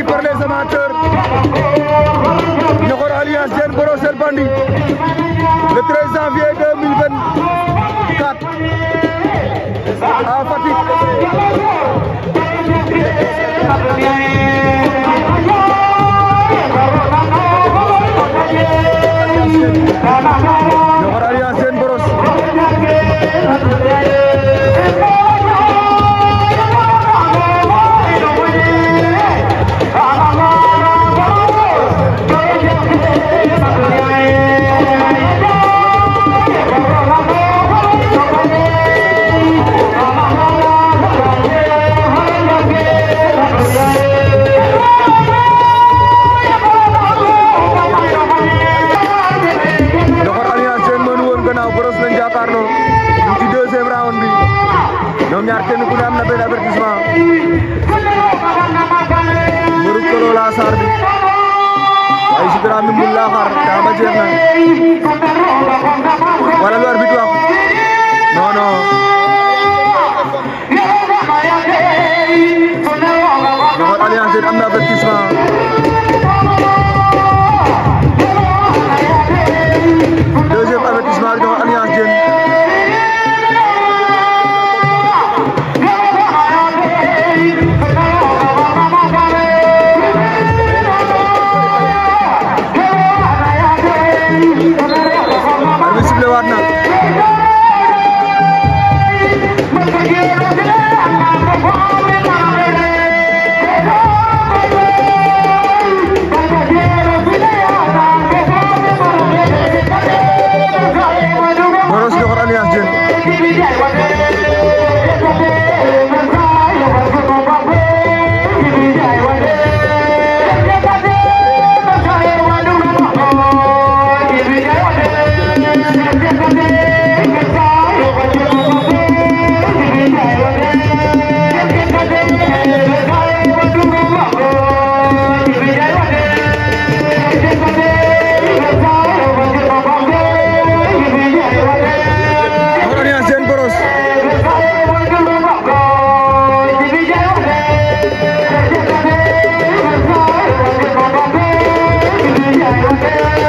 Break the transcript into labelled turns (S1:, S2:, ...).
S1: suivi par les Ali Nokor Alliance Jeune Brossel Bandi, le 13
S2: ginnaaw Brosse lañ jàkkaarloo ñu ci bi ñoom ñaar kenn ku ne am na benn avertissement mbëru Kolo la Sarr bi waaye Jibira mi mun laa xaar daa ba
S1: Give me that. TV